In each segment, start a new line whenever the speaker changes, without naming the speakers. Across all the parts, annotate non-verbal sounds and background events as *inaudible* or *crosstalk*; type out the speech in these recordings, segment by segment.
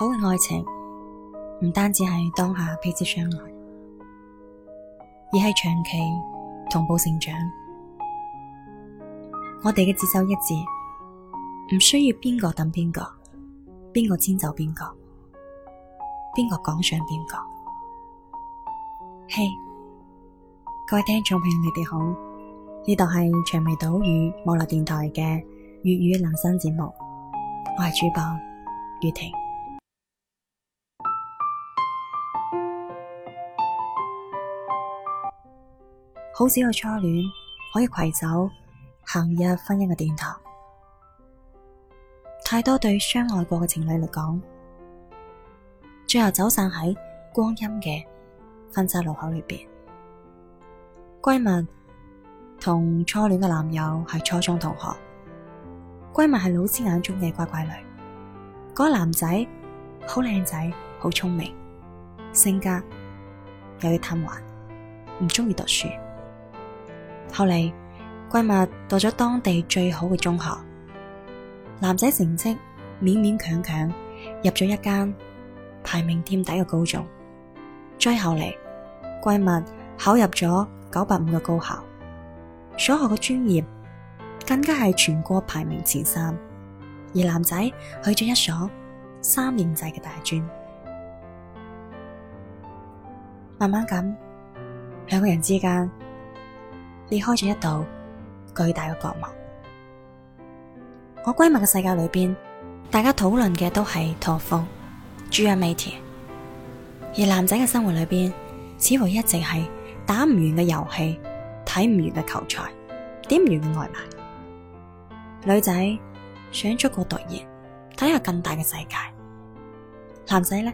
好嘅愛情唔單止係當下彼此相愛，而係長期同步成長。我哋嘅節奏一致，唔需要邊個等邊個，邊個遷就邊個，邊個趕上邊個。嘿、hey，各位聽眾朋友，你哋好，呢度係長尾島語網絡電台嘅粵語男生節目，我係主播月婷。好少有初戀可以攜手行入婚姻嘅殿堂，太多對相愛過嘅情侶嚟講，最後走散喺光陰嘅分岔路口裏邊。閨蜜同初戀嘅男友係初中同學，閨蜜係老師眼中嘅乖乖女，嗰個男仔好靚仔，好聰明，性格有啲貪玩，唔中意讀書。後嚟，閨蜜到咗當地最好嘅中學，男仔成績勉勉強強入咗一間排名墊底嘅高中。再後嚟，閨蜜考入咗九八五嘅高校，所學嘅專業更加係全國排名前三，而男仔去咗一所三年制嘅大專。慢慢咁，兩個人之間，裂開咗一道巨大嘅隔膜。我閨蜜嘅世界裏邊，大家討論嘅都係托福、GRE、GMAT；而男仔嘅生活裏邊，似乎一直係打唔完嘅遊戲、睇唔完嘅球賽、點唔完嘅外賣。女仔想出國讀研，睇下更大嘅世界。男仔咧，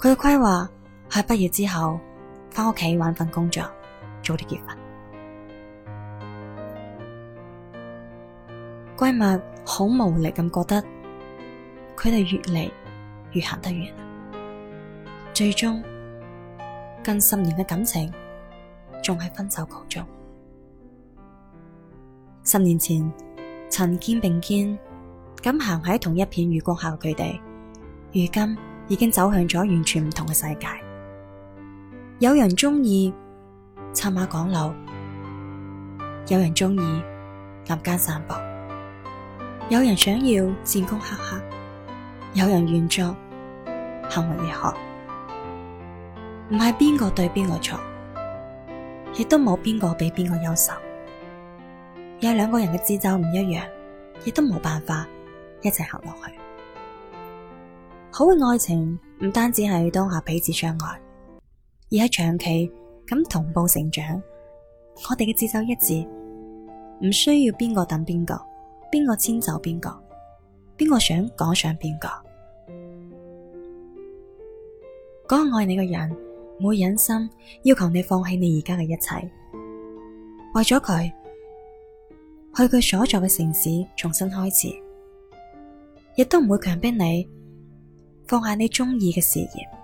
佢嘅規劃係畢業之後翻屋企揾份工作。早啲結婚，閨蜜好無力咁覺得，佢哋越嚟越行得遠，最終近十年嘅感情仲係分手告終。十年前，曾肩並肩咁行喺同一片月光下，佢哋，如今已經走向咗完全唔同嘅世界。有人中意策馬趕路，有人中意林間散步，有人想要戰功赫赫，有人願作閒雲野鶴，唔係邊個對邊個錯，亦都冇邊個比邊個優秀，有為兩個人嘅志就節奏唔一樣，亦都冇辦法一齊行落去。好嘅愛情唔單止係當下彼此相愛，而喺長期。咁同步成長，我哋嘅節奏一致，唔需要邊個等邊個，邊個遷就邊個，邊個想趕上邊個。嗰個愛你嘅人，唔會忍心要求你放棄你而家嘅一切，為咗佢，去佢所在嘅城市重新開始，亦都唔會強迫你放下你中意嘅事業。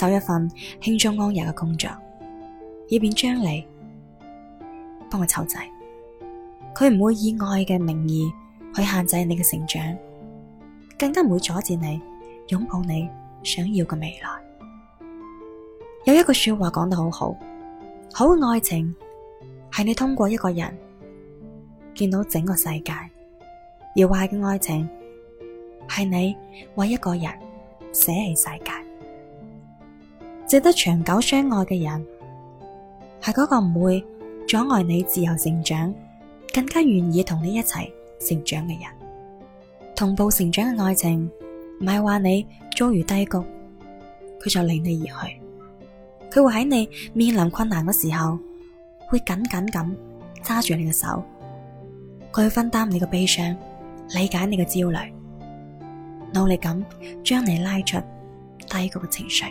找一份輕鬆安逸嘅工作，以便將來幫我湊仔。佢唔會以愛嘅名義去限制你嘅成長，更加唔會阻止你擁抱你想要嘅未來。有一句說話講得好好，好愛情係你通過一個人見到整個世界，而壞嘅愛情係你為一個人捨棄世界。值得長久相愛嘅人，係嗰個唔會阻礙你自由成長，更加願意同你一齊成長嘅人。同步成長嘅愛情，唔係話你遭遇低谷，佢就離你而去。佢會喺你面臨困難嘅時候，會緊緊咁揸住你嘅手，佢去分擔你嘅悲傷，理解你嘅焦慮，努力咁將你拉出低谷嘅情緒。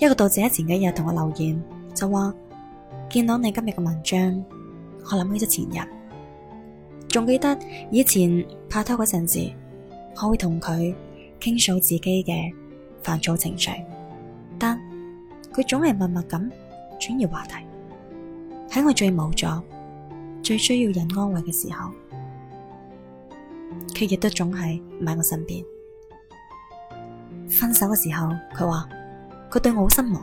一個讀者喺前幾日同我留言，就話見到你今日嘅文章，我諗起咗前任。仲記得以前拍拖嗰陣時，我會同佢傾訴自己嘅煩躁情緒，但佢總係默默咁轉移話題。喺我最無助、最需要人安慰嘅時候，佢亦都總係唔喺我身邊。分手嘅時候，佢話。佢對我好失望，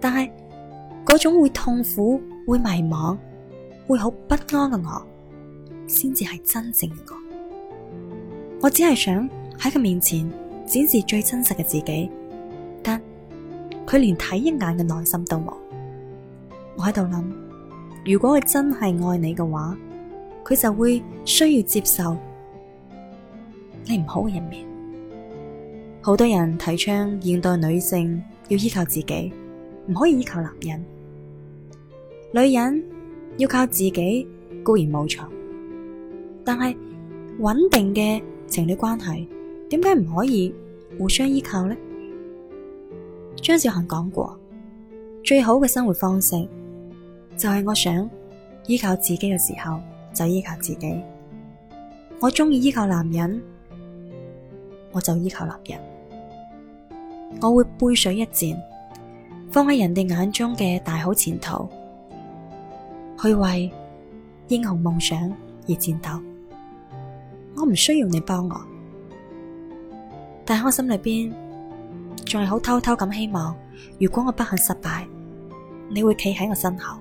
但係嗰種會痛苦、會迷茫、會好不安嘅我，先至係真正嘅我。我只係想喺佢面前展示最真實嘅自己，但佢連睇一眼嘅耐心都冇。我喺度諗，如果佢真係愛你嘅話，佢就會需要接受你唔好嘅一面。好多人提倡現代女性要依靠自己，唔可以依靠男人。女人要靠自己固然冇錯，但係穩定嘅情侶關係點解唔可以互相依靠呢？張小嫻講過，最好嘅生活方式就係我想依靠自己嘅時候就依靠自己。我中意依靠男人，我就依靠男人。我會背水一戰，放棄人哋眼中嘅大好前途，去為英雄夢想而戰鬥。我唔需要你幫我，但係我心裏邊仲係好偷偷咁希望，如果我不幸失敗，你會企喺我身後。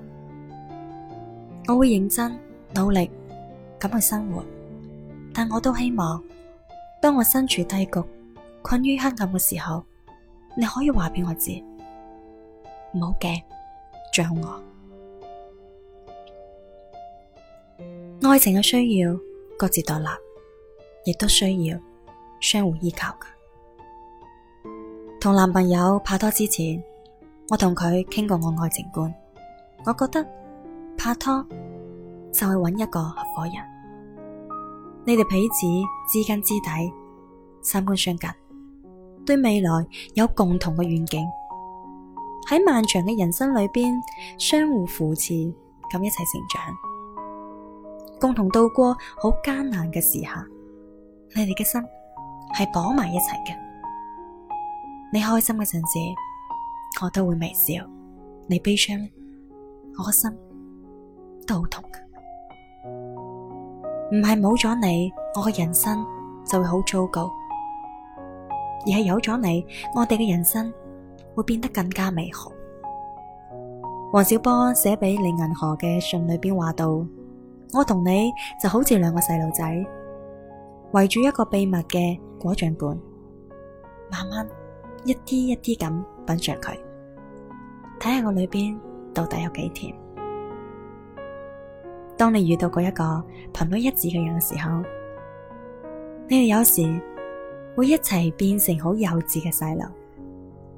我會認真努力咁去生活，但我都希望，當我身處低谷、困於黑暗嘅時候。你可以話俾我知，唔好驚，仲有我。愛情嘅需要各自獨立，亦都需要相互依靠嘅。同男朋友拍拖之前，我同佢傾過我愛情觀，我覺得拍拖就係揾一個合夥人。你哋彼此知根知底，三觀相近。對未來有共同嘅願景，喺漫長嘅人生裏邊，相互扶持，咁一齊成長，共同度過好艱難嘅時刻，你哋嘅心係綁埋一齊嘅。你開心嘅陣時，我都會微笑；你悲傷，我嘅心都好痛。唔係冇咗你，我嘅人生就會好糟糕。而係有咗你，我哋嘅人生會變得更加美好。王小波寫俾李銀河嘅信裏邊話道：我同你就好似兩個細路仔，圍住一個秘密嘅果醬罐，慢慢一啲一啲咁品著佢，睇下我裏邊到底有幾甜。當你遇到過一個頻率一致嘅人嘅時候，你哋有時會一齊變成好幼稚嘅細路，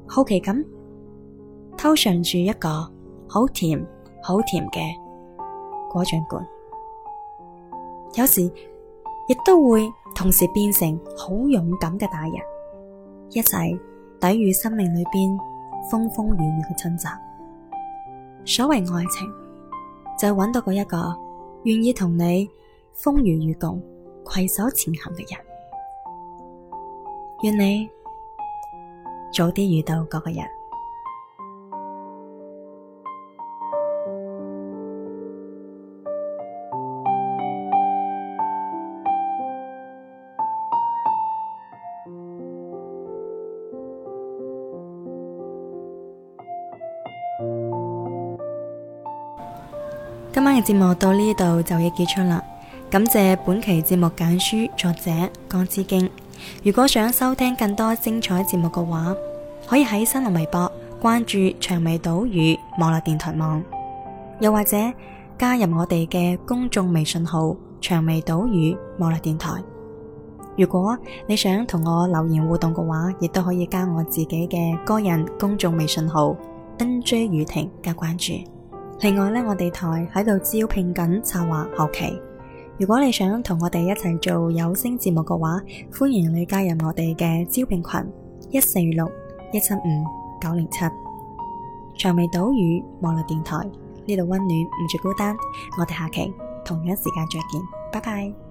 好奇咁偷嚐住一個好甜好甜嘅果醬罐，有時亦都會同時變成好勇敢嘅大人，一齊抵禦生命裏邊風風雨雨嘅侵襲。所謂愛情，就揾到嗰一個願意同你風雨與共、攜手前行嘅人。願你早啲遇到嗰個人。今晚嘅節目到呢度就已結束啦，感謝本期節目簡書作者江之京。如果想收聽更多精彩節目嘅話，可以喺新浪微博關注長尾島嶼網絡電台網，又或者加入我哋嘅公眾微信號長尾島嶼網絡電台。如果你想同我留言互動嘅話，亦都可以加我自己嘅個人公眾微信號 nj 雨婷加關注。另外呢，我哋台喺度招聘緊策劃後期。如果你想同我哋一齊做有聲節目嘅話，歡迎你加入我哋嘅招聘群一四六一七五九零七長尾島嶼網絡電台呢度温暖唔住孤單，我哋下期同樣時間再見，拜拜。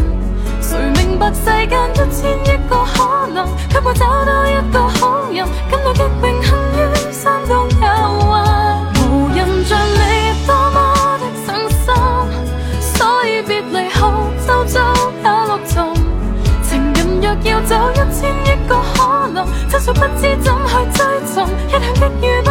百世間一千億個可能，給我找到一個好人，感到極榮幸與山東有愛。 *noise* 無人像你多麼的真心，所以別離後周遭也陸沉。情人若要走一千億個可能，真所不知怎去追尋，一向愚語。